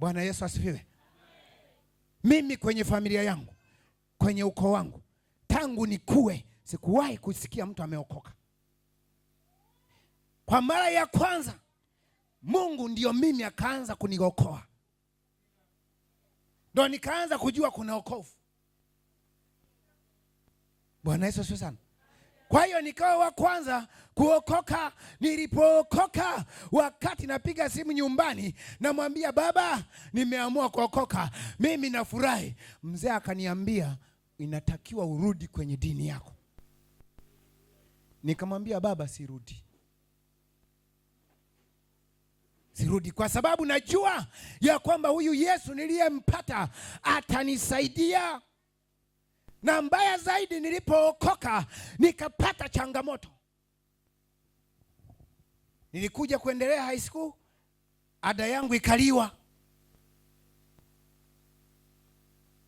Bwana Yesu asifiwe. Mimi kwenye familia yangu, kwenye ukoo wangu, tangu nikue sikuwahi kusikia mtu ameokoka. Kwa mara ya kwanza Mungu ndiyo mimi akaanza kuniokoa, ndo nikaanza kujua kuna okovu Bwana Yesu asifiwe sana. Kwa hiyo nikawa wa kwanza kuokoka. Nilipookoka, wakati napiga simu nyumbani, namwambia baba, nimeamua kuokoka, mimi nafurahi. Mzee akaniambia inatakiwa urudi kwenye dini yako. Nikamwambia baba, sirudi, sirudi kwa sababu najua ya kwamba huyu Yesu niliyempata atanisaidia na mbaya zaidi, nilipookoka nikapata changamoto. Nilikuja kuendelea high school, ada yangu ikaliwa.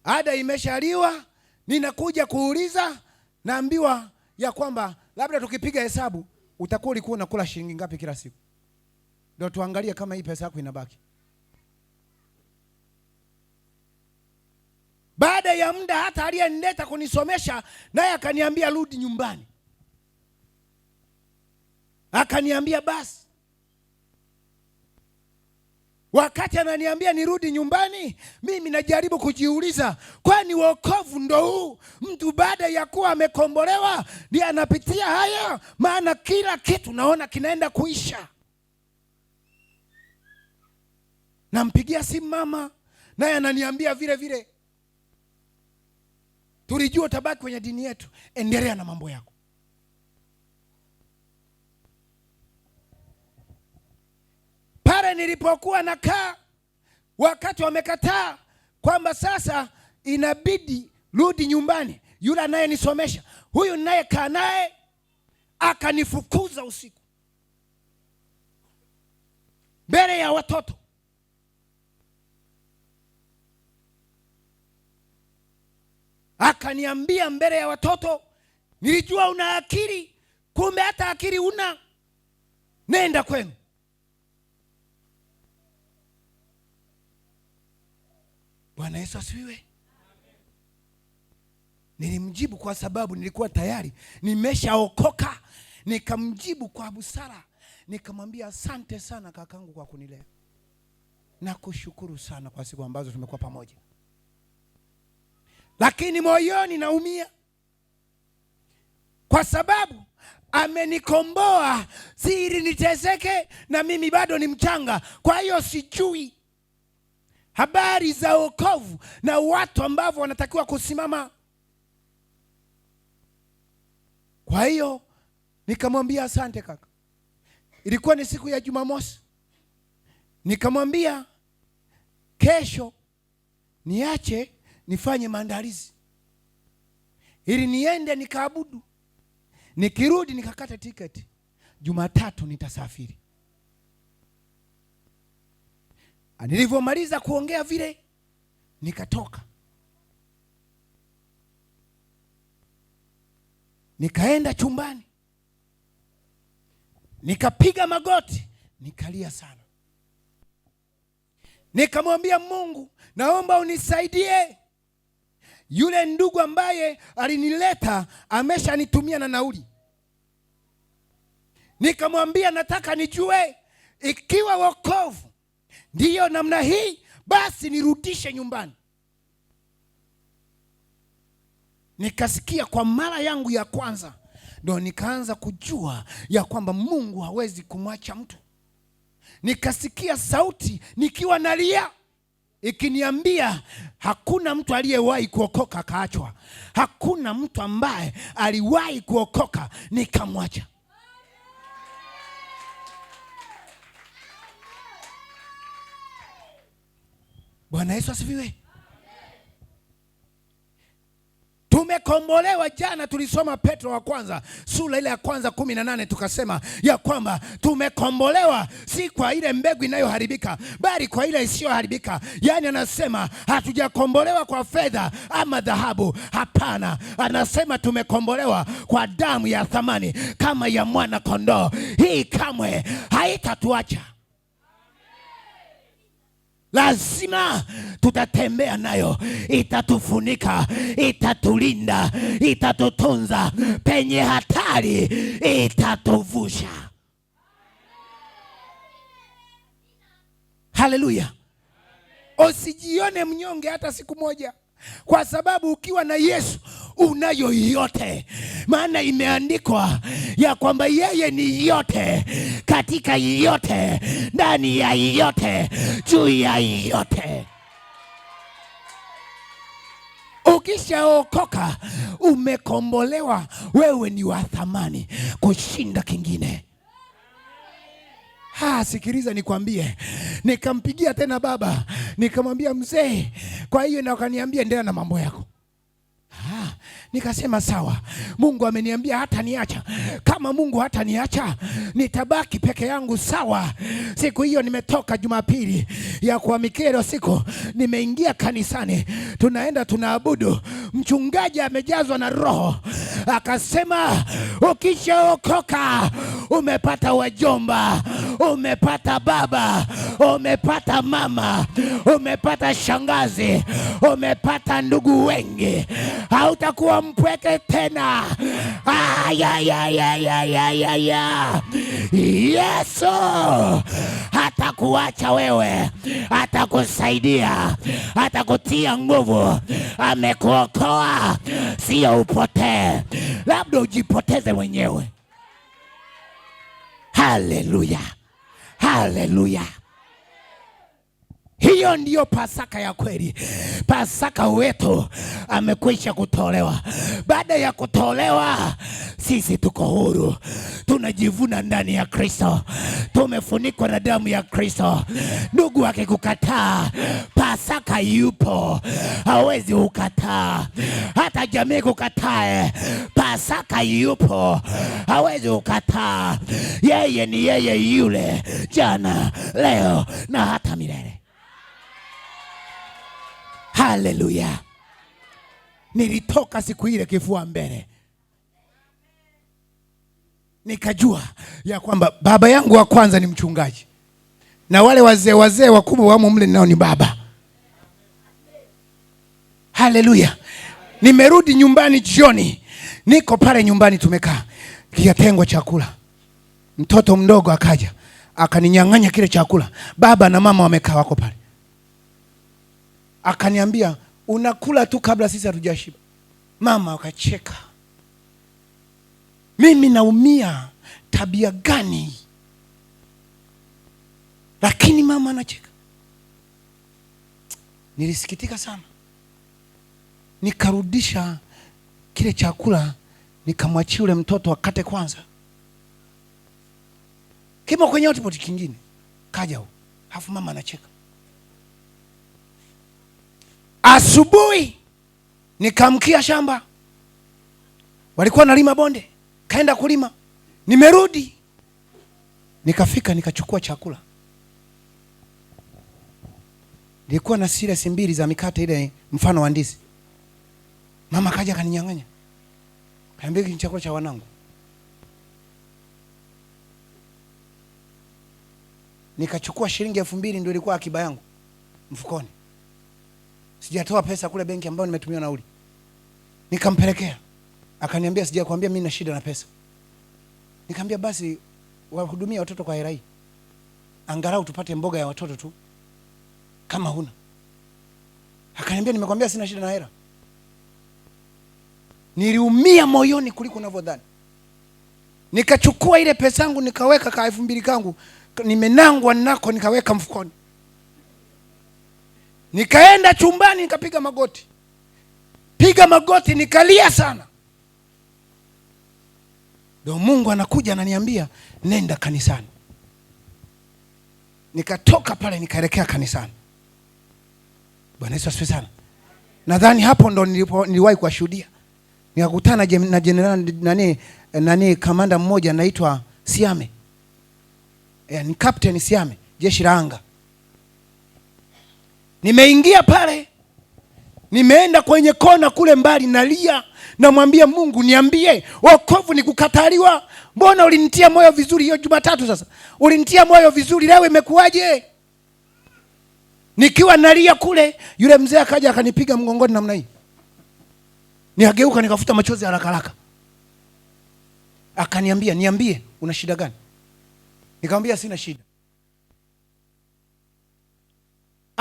Ada imeshaliwa, ninakuja kuuliza, naambiwa ya kwamba labda tukipiga hesabu utakuwa ulikuwa unakula shilingi ngapi kila siku, ndio tuangalie kama hii pesa yako inabaki. Baada ya muda hata aliyenileta kunisomesha naye akaniambia rudi nyumbani, akaniambia basi. Wakati ananiambia nirudi nyumbani, mimi najaribu kujiuliza, kwani wokovu ndo huu? Mtu baada ya kuwa amekombolewa ndiye anapitia haya? Maana kila kitu naona kinaenda kuisha. Nampigia simu mama, naye ananiambia vile vile Tulijua utabaki kwenye dini yetu, endelea na mambo yako. Pale nilipokuwa nakaa, wakati wamekataa kwamba sasa inabidi rudi nyumbani, yule anayenisomesha huyu ninayekaa naye akanifukuza usiku mbele ya watoto ukaniambia mbele ya watoto, nilijua una akili, kumbe hata akili una. Nenda kwenu. Bwana Yesu asifiwe. Nilimjibu kwa sababu nilikuwa tayari nimeshaokoka. Nikamjibu kwa busara, nikamwambia asante sana kakangu kwa kunilea, nakushukuru sana kwa siku ambazo tumekuwa pamoja lakini moyoni naumia kwa sababu amenikomboa, si ili niteseke, na mimi bado ni mchanga. Kwa hiyo sijui habari za okovu na watu ambavyo wanatakiwa kusimama. Kwa hiyo nikamwambia asante kaka. Ilikuwa ni siku ya Jumamosi, nikamwambia kesho niache nifanye maandalizi ili niende nikaabudu, nikirudi nikakata tiketi. Jumatatu nitasafiri. Nilivyomaliza kuongea vile, nikatoka nikaenda chumbani, nikapiga magoti, nikalia sana, nikamwambia Mungu, naomba unisaidie yule ndugu ambaye alinileta ameshanitumia na nauli. Nikamwambia nataka nijue ikiwa wokovu ndiyo namna hii, basi nirudishe nyumbani. Nikasikia kwa mara yangu ya kwanza, ndo nikaanza kujua ya kwamba Mungu hawezi kumwacha mtu. Nikasikia sauti nikiwa nalia ikiniambia hakuna mtu aliyewahi kuokoka akaachwa, hakuna mtu ambaye aliwahi kuokoka nikamwacha. Bwana Yesu asifiwe. tumekombolewa. Jana tulisoma Petro wa kwanza sura ile ya kwanza kumi na nane tukasema ya kwamba tumekombolewa si kwa ile mbegu inayoharibika bali kwa ile isiyoharibika. Yaani anasema hatujakombolewa kwa fedha ama dhahabu, hapana. Anasema tumekombolewa kwa damu ya thamani kama ya mwana kondoo. Hii kamwe haitatuacha lazima tutatembea nayo, itatufunika, itatulinda, itatutunza, penye hatari itatuvusha. Haleluya! Usijione mnyonge hata siku moja, kwa sababu ukiwa na Yesu unayo yote, maana imeandikwa ya kwamba yeye ni yote katika yote, ndani ya yote, juu ya yote. Ukishaokoka umekombolewa, wewe ni wa thamani kushinda kingine. Ha, sikiliza nikwambie. Nikampigia tena baba nikamwambia mzee, kwa hiyo na wakaniambia endelea na mambo yako. Ah, nikasema sawa, Mungu ameniambia hata niacha. Kama Mungu hata niacha, nitabaki peke yangu. Sawa. Siku hiyo nimetoka Jumapili ya kuamikia hilo siku, nimeingia kanisani, tunaenda tunaabudu, mchungaji amejazwa na Roho akasema, ukishaokoka umepata wajomba, umepata baba Umepata mama, umepata shangazi, umepata ndugu wengi, hautakuwa mpweke tena. Ayayayayayaya, Yesu hatakuacha wewe, atakusaidia, atakutia nguvu, amekuokoa. Sio upotee, labda ujipoteze mwenyewe. Haleluya, haleluya. Hiyo ndiyo Pasaka ya kweli. Pasaka wetu amekwisha kutolewa. Baada ya kutolewa, sisi tuko huru, tunajivuna ndani ya Kristo, tumefunikwa na damu ya Kristo. Ndugu akikukataa, Pasaka yupo, hawezi ukataa. Hata jamii kukatae, Pasaka yupo, hawezi ukataa. Yeye ni yeye yule, jana, leo na hata milele. Haleluya! Nilitoka siku ile kifua mbele, nikajua ya kwamba baba yangu wa kwanza ni mchungaji na wale wazee wazee wakubwa wamo mle nao ni baba. Haleluya! Nimerudi nyumbani jioni, niko pale nyumbani, tumekaa kikatengwa chakula, mtoto mdogo akaja akaninyang'anya kile chakula. Baba na mama wamekaa wako pale Akaniambia unakula tu kabla sisi hatujashiba. Mama akacheka. Mimi naumia, tabia gani? Lakini mama anacheka. Nilisikitika sana, nikarudisha kile chakula, nikamwachia yule mtoto akate kwanza, kimo kwenye otipoti kingine kaja, alafu mama anacheka Asubuhi nikamkia shamba, walikuwa nalima bonde, kaenda kulima, nimerudi nikafika, nikachukua chakula. Nilikuwa na silesi mbili za mikate ile mfano wa ndizi. Mama kaja kaninyang'anya, kaambia ni chakula cha wanangu. Nikachukua shilingi elfu mbili ndio ilikuwa akiba yangu mfukoni sijatoa pesa kule benki ambayo nimetumia nauli, nikampelekea. Akaniambia, sijakwambia mimi na shida na pesa. Nikamwambia basi wahudumia watoto kwa hela hii, angalau tupate mboga ya watoto tu kama huna. Akaniambia, nimekwambia sina shida na hela. Niliumia moyoni kuliko unavyodhani. Nikachukua ile pesa yangu nikaweka ka elfu mbili kangu nimenangwa nako, nikaweka mfukoni. Nikaenda chumbani nikapiga magoti, piga magoti, nikalia sana. Ndio Mungu anakuja ananiambia, nenda kanisani. Nikatoka pale nikaelekea kanisani. Bwana Yesu asifiwe sana. Nadhani hapo ndo nilipo niliwahi kuwashuhudia, nikakutana na jenerali nani nani, kamanda mmoja anaitwa Siame, eh, ni kapteni Siame, jeshi la anga Nimeingia pale, nimeenda kwenye kona kule mbali, nalia, namwambia Mungu, niambie, wokovu ni kukataliwa? Mbona ulinitia moyo vizuri hiyo Jumatatu, sasa ulinitia moyo vizuri, leo imekuwaje? Nikiwa nalia kule, yule mzee akaja akanipiga mgongoni namna hii, nikageuka, nikafuta machozi haraka haraka, akaniambia, niambie, una shida gani? Nikamwambia sina shida.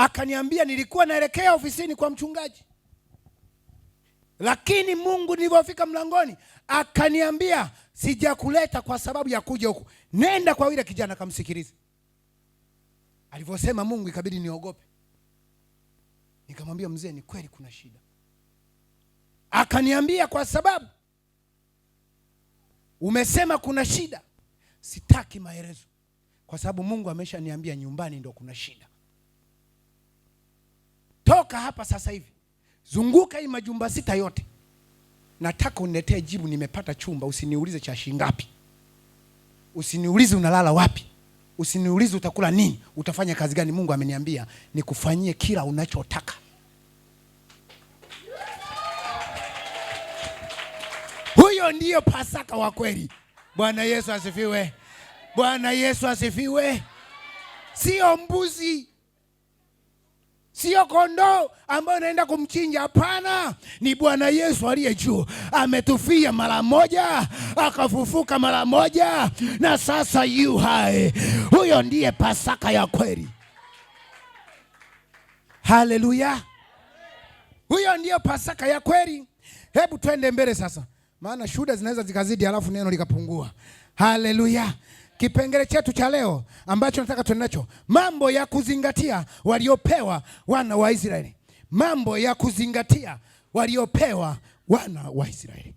akaniambia, nilikuwa naelekea ofisini kwa mchungaji, lakini Mungu nilivyofika mlangoni akaniambia, sijakuleta kwa sababu ya kuja huku, nenda kwa yule kijana kamsikilize. Alivyosema Mungu ikabidi niogope, nikamwambia mzee, ni kweli kuna shida. Akaniambia, kwa sababu umesema kuna shida, sitaki maelezo, kwa sababu Mungu ameshaniambia nyumbani ndo kuna shida toka hapa sasa hivi, zunguka hii majumba sita yote, nataka uniletee jibu, nimepata chumba. Usiniulize cha shingapi, usiniulize unalala wapi, usiniulize utakula nini, utafanya kazi gani. Mungu ameniambia nikufanyie kila unachotaka. Huyo ndiyo Pasaka wa kweli. Bwana Yesu asifiwe! Bwana Yesu asifiwe! Sio mbuzi Sio kondoo ambayo naenda kumchinja. Hapana, ni Bwana Yesu aliye juu, ametufia mara moja, akafufuka mara moja, na sasa yu hai. Huyo ndiye Pasaka ya kweli. Haleluya, huyo ndiyo Pasaka ya kweli. Hebu twende mbele sasa, maana shuhuda zinaweza zikazidi, halafu neno likapungua. Haleluya. Kipengele chetu cha leo ambacho nataka tuende nacho, mambo ya kuzingatia waliopewa wana wa Israeli, mambo ya kuzingatia waliopewa wana wa Israeli,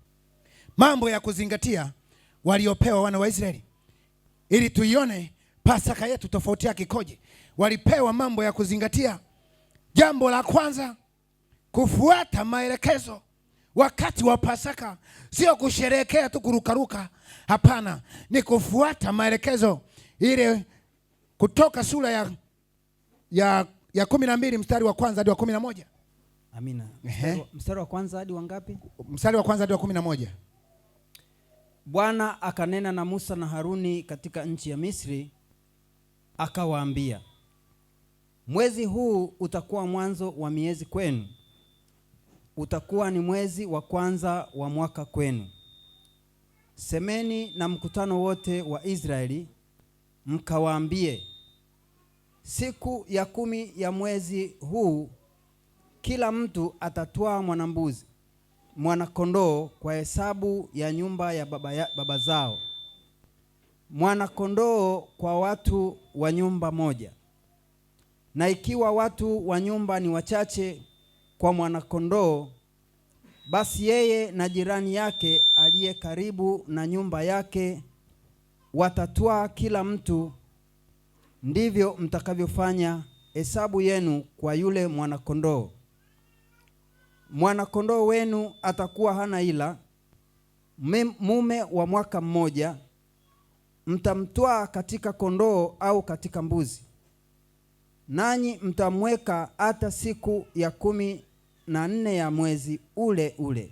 mambo ya kuzingatia waliopewa wana wa Israeli, ili tuione Pasaka yetu tofauti yake ikoje. Walipewa mambo ya kuzingatia. Jambo la kwanza, kufuata maelekezo Wakati wa Pasaka sio kusherehekea tu kurukaruka, hapana, ni kufuata maelekezo ile kutoka sura ya, ya, ya kumi na mbili mstari wa kwanza hadi wa kumi na moja. Amina. Mstari wa kwanza hadi wangapi? Mstari wa kwanza hadi wa kumi na moja. Bwana akanena na Musa na Haruni katika nchi ya Misri akawaambia, mwezi huu utakuwa mwanzo wa miezi kwenu utakuwa ni mwezi wa kwanza wa mwaka kwenu. Semeni na mkutano wote wa Israeli mkawaambie, siku ya kumi ya mwezi huu kila mtu atatwaa mwanambuzi mwanakondoo kwa hesabu ya nyumba ya baba, ya baba zao, mwanakondoo kwa watu wa nyumba moja. Na ikiwa watu wa nyumba ni wachache kwa mwanakondoo, basi yeye na jirani yake aliye karibu na nyumba yake watatwaa kila mtu. Ndivyo mtakavyofanya hesabu yenu kwa yule mwanakondoo. Mwanakondoo wenu atakuwa hana ila, mume wa mwaka mmoja. Mtamtwaa katika kondoo au katika mbuzi, nanyi mtamweka hata siku ya kumi na nne ya mwezi ule ule,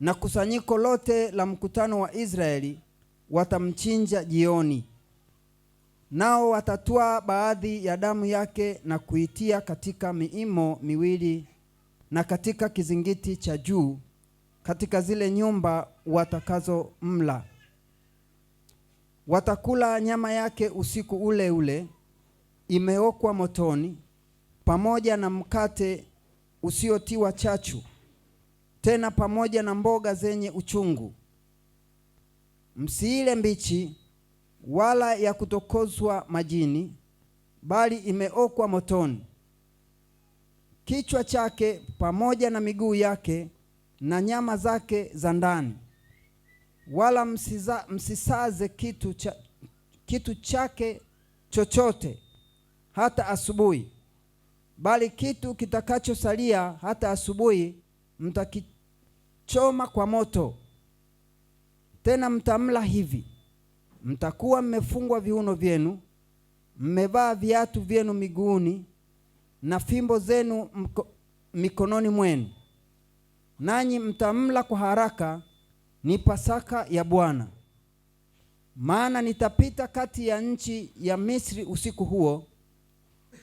na kusanyiko lote la mkutano wa Israeli watamchinja jioni, nao watatua baadhi ya damu yake na kuitia katika miimo miwili na katika kizingiti cha juu katika zile nyumba watakazo mla. Watakula nyama yake usiku ule ule, imeokwa motoni, pamoja na mkate usiotiwa chachu, tena pamoja na mboga zenye uchungu. Msiile mbichi wala ya kutokozwa majini, bali imeokwa motoni. Kichwa chake pamoja na miguu yake na nyama zake za ndani, wala msiza, msisaze kitu, cha, kitu chake chochote hata asubuhi bali kitu kitakachosalia hata asubuhi mtakichoma kwa moto. Tena mtamla hivi: mtakuwa mmefungwa viuno vyenu, mmevaa viatu vyenu miguuni, na fimbo zenu mko, mikononi mwenu, nanyi mtamla kwa haraka. Ni Pasaka ya Bwana. Maana nitapita kati ya nchi ya Misri usiku huo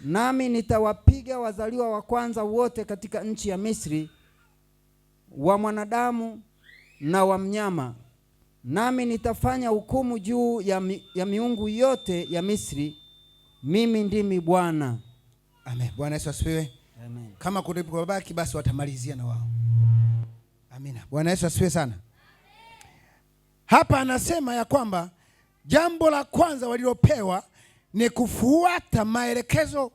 nami nitawapiga wazaliwa wa kwanza wote katika nchi ya Misri, wa mwanadamu na wa mnyama, nami nitafanya hukumu juu ya, mi, ya miungu yote ya Misri. Mimi ndimi Bwana. Amen. Bwana Yesu asifiwe. Amen. Kama kulipobaki basi watamalizia na wao. Amina. Bwana Yesu asifiwe sana. Hapa anasema ya kwamba jambo la kwanza walilopewa ni kufuata maelekezo,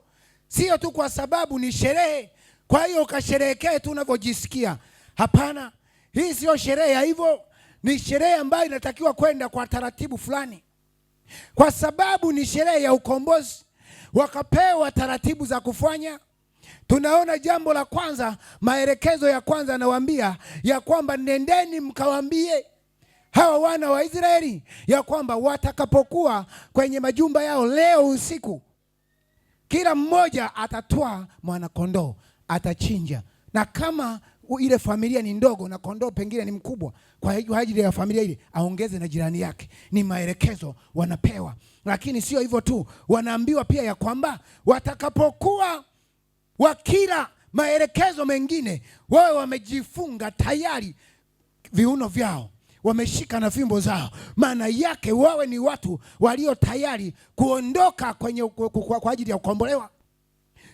sio tu kwa sababu ni sherehe, kwa hiyo ukasherehekee tu unavyojisikia. Hapana, hii siyo sherehe ya hivyo. Ni sherehe ambayo inatakiwa kwenda kwa taratibu fulani, kwa sababu ni sherehe ya ukombozi, wakapewa taratibu za kufanya. Tunaona jambo la kwanza, maelekezo ya kwanza anawaambia ya kwamba nendeni mkawaambie hawa wana wa Israeli ya kwamba watakapokuwa kwenye majumba yao leo usiku, kila mmoja atatwaa mwanakondoo, atachinja, na kama ile familia ni ndogo na kondoo pengine ni mkubwa, kwa ajili ya familia ile aongeze na jirani yake. Ni maelekezo wanapewa, lakini sio hivyo tu, wanaambiwa pia ya kwamba watakapokuwa wakila maelekezo mengine, wawe wamejifunga tayari viuno vyao wameshika na fimbo zao. Maana yake wawe ni watu walio tayari kuondoka kwenye kwa ajili ya kukombolewa,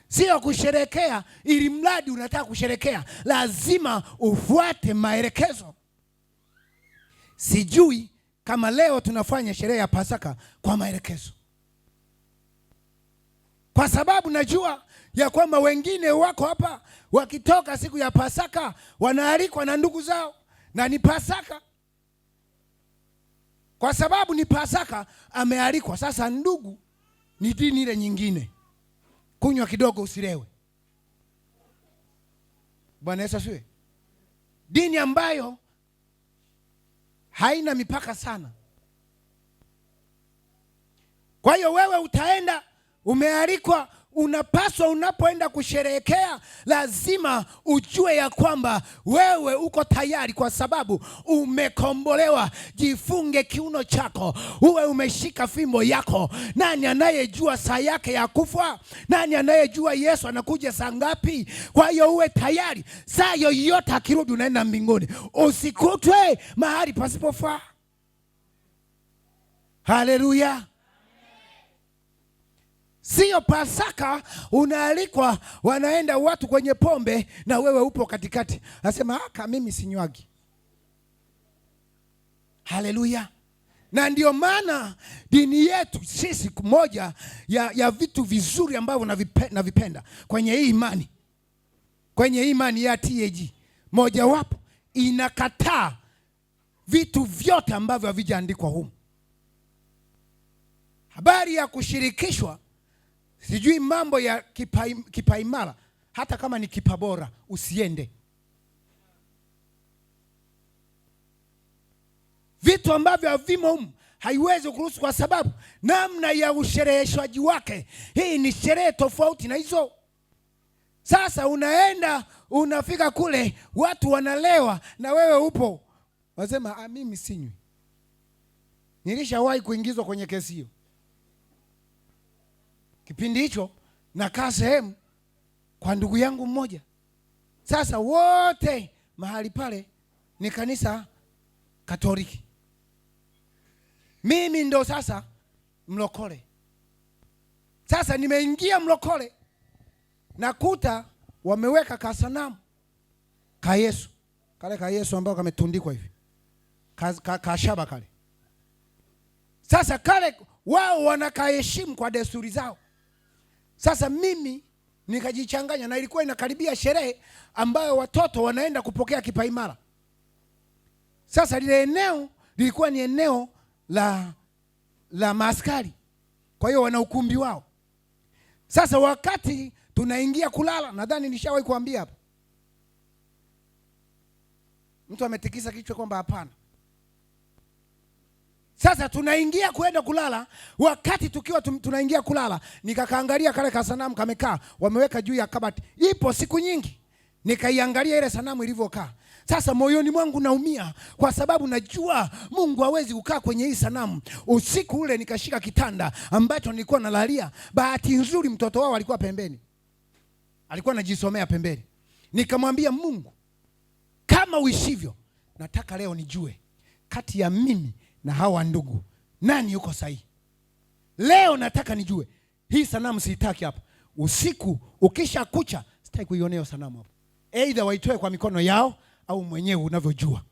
sio kusherekea. Ili mradi unataka kusherekea, lazima ufuate maelekezo. Sijui kama leo tunafanya sherehe ya Pasaka kwa maelekezo, kwa sababu najua ya kwamba wengine wako hapa wakitoka siku ya Pasaka wanaalikwa na ndugu zao na ni Pasaka kwa sababu ni Pasaka, amealikwa. Sasa ndugu, ni dini ile nyingine, kunywa kidogo usilewe. Bwana Yesu asifiwe. Dini ambayo haina mipaka sana. Kwa hiyo wewe utaenda, umealikwa Unapaswa unapoenda kusherehekea, lazima ujue ya kwamba wewe uko tayari, kwa sababu umekombolewa. Jifunge kiuno chako, uwe umeshika fimbo yako. Nani anayejua saa yake ya kufa? Nani anayejua Yesu anakuja saa ngapi? Kwa hiyo uwe tayari, saa yoyote akirudi, unaenda mbinguni, usikutwe mahali pasipofaa. Haleluya! Sio Pasaka unaalikwa, wanaenda watu kwenye pombe na wewe upo katikati, nasema aka ah, mimi sinywagi. Haleluya! Na ndio maana dini yetu sisi, moja ya, ya vitu vizuri ambavyo navipenda vipe, kwenye hii imani kwenye imani ya TAG mojawapo inakataa vitu vyote ambavyo havijaandikwa humu, habari ya kushirikishwa sijui mambo ya kipaimara kipa, hata kama ni kipa bora usiende. Vitu ambavyo havimo humu haiwezi kuruhusu, kwa sababu namna ya ushereheshwaji wake, hii ni sherehe tofauti na hizo. Sasa unaenda unafika kule, watu wanalewa na wewe upo, wasema ah, mimi sinywi. Nilishawahi kuingizwa kwenye kesi hiyo. Kipindi hicho nakaa sehemu kwa ndugu yangu mmoja. Sasa wote mahali pale ni kanisa Katoliki, mimi ndo sasa mlokole. Sasa nimeingia mlokole, nakuta wameweka kasanamu ka Yesu kale ka Yesu ambao kametundikwa hivi kashaba ka, ka kale. Sasa kale wao wanakaheshimu kwa desturi zao sasa mimi nikajichanganya, na ilikuwa inakaribia sherehe ambayo watoto wanaenda kupokea kipaimara. Sasa lile eneo lilikuwa ni eneo la la maaskari, kwa hiyo wana ukumbi wao. Sasa wakati tunaingia kulala, nadhani nishawahi kuambia hapa, mtu ametikisa kichwa kwamba hapana sasa tunaingia kuenda kulala, wakati tukiwa tunaingia kulala, nikakaangalia kale ka sanamu kamekaa, wameweka juu ya kabati, ipo siku nyingi, nikaiangalia ile sanamu ilivyokaa. Sasa moyoni mwangu naumia kwa sababu najua Mungu hawezi kukaa kwenye hii sanamu. Usiku ule nikashika kitanda ambacho nilikuwa nalalia. Bahati nzuri mtoto wao alikuwa pembeni, alikuwa anajisomea pembeni. Nikamwambia Mungu, kama uishivyo, nataka leo nijue kati ya mimi na hawa ndugu, nani yuko sahihi? Leo nataka nijue hii sanamu, siitaki hapa. Usiku ukisha kucha, sitaki kuionea sanamu hapo. Aidha waitoe kwa mikono yao au mwenyewe unavyojua.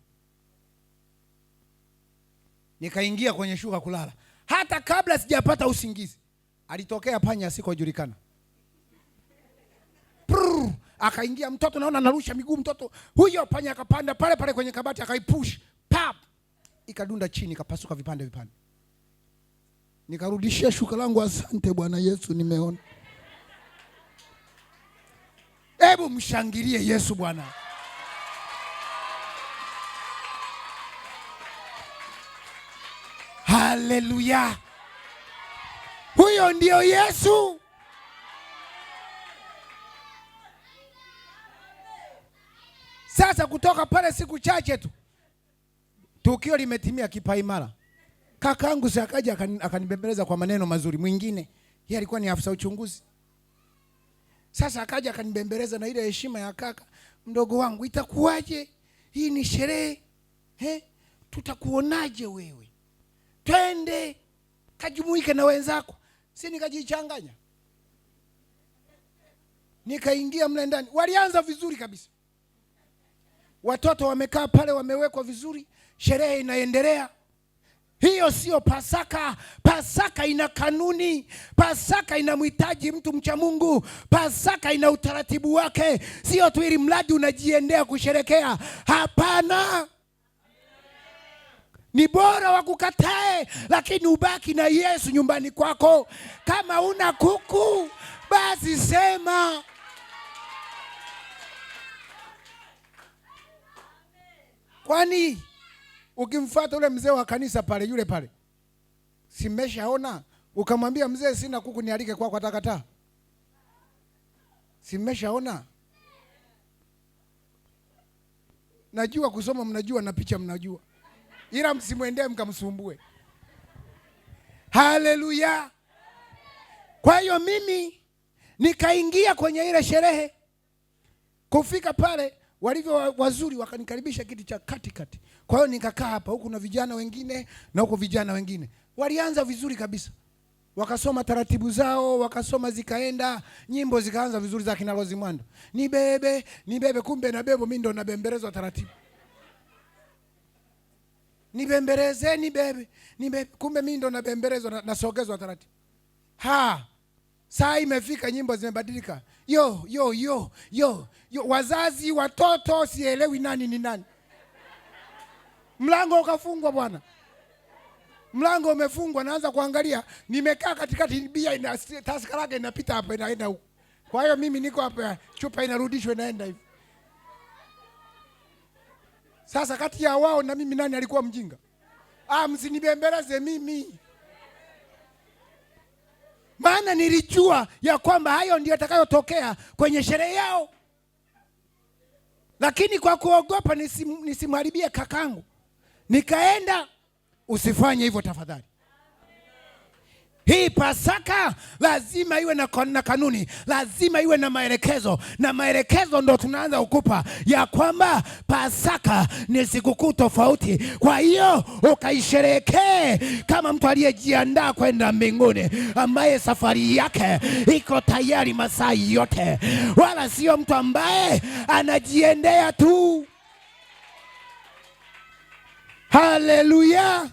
Nikaingia kwenye shuka kulala, hata kabla sijapata usingizi alitokea panya asikojulikana, akaingia mtoto, naona narusha miguu mtoto huyo. Panya akapanda pale pale kwenye kabati, akaipush pap ikadunda chini ikapasuka vipande vipande. Nikarudishia shuka langu, asante Bwana Yesu, nimeona. Hebu mshangilie Yesu Bwana. Haleluya! Huyo ndio Yesu. Sasa kutoka pale siku chache tu Tukio limetimia kipaimara. Kakangu si akaja akanibembeleza kwa maneno mazuri. Mwingine yeye alikuwa ni afisa uchunguzi. Sasa akaja akanibembeleza na ile heshima ya kaka mdogo wangu, itakuwaje? Hii ni sherehe he, tutakuonaje wewe? Twende kajumuike na wenzako. Si nikajichanganya nikaingia mle ndani. Walianza vizuri kabisa, watoto wamekaa pale, wamewekwa vizuri sherehe inaendelea. Hiyo sio Pasaka. Pasaka ina kanuni, Pasaka inamhitaji mtu mcha Mungu, Pasaka ina utaratibu wake, sio tu ili mradi unajiendea kusherekea. Hapana, ni bora wakukatae, lakini ubaki na Yesu nyumbani kwako. Kama una kuku basi sema kwani Ukimfuata yule mzee wa kanisa pale yule pale, simeshaona ukamwambia mzee, sina kuku nialike kwako, atakataa. Simeshaona najua kusoma mnajua, na picha mnajua, ila msimwendee mkamsumbue. Haleluya! Kwa hiyo mimi nikaingia kwenye ile sherehe. Kufika pale, walivyo wazuri, wakanikaribisha kiti cha katikati kati. Kwa hiyo nikakaa hapa, huku na vijana wengine na huko vijana wengine. Walianza vizuri kabisa, wakasoma taratibu zao, wakasoma zikaenda, nyimbo zikaanza vizuri za kina Rose Mwando, ni bebe ni bebe, kumbe na bebo, mimi ndo nabembelezwa taratibu, nibembeleze ni bebe ni bebe, kumbe mimi ndo nabembelezwa, nasogezwa taratibu. Ha, saa imefika, nyimbo zimebadilika, yo yo yo yo yo, wazazi, watoto, sielewi nani ni nani mlango ukafungwa bwana, mlango umefungwa. Naanza kuangalia, nimekaa katikati, bia ina tasika lake inapita hapa inaenda huko. Kwa hiyo mimi niko hapa, chupa inarudishwa inaenda hivi. Sasa kati ya wao na mimi nani alikuwa mjinga? Ah, msinibembeleze mimi, maana nilijua ya kwamba hayo ndio atakayotokea kwenye sherehe yao, lakini kwa kuogopa nisimharibie kakangu nikaenda. Usifanye hivyo tafadhali. Hii Pasaka lazima iwe na kanuni, lazima iwe na maelekezo, na maelekezo ndo tunaanza kukupa ya kwamba Pasaka ni sikukuu tofauti. Kwa hiyo ukaisherehekee kama mtu aliyejiandaa kwenda mbinguni, ambaye safari yake iko tayari masaa yote, wala sio mtu ambaye anajiendea tu. Hallelujah.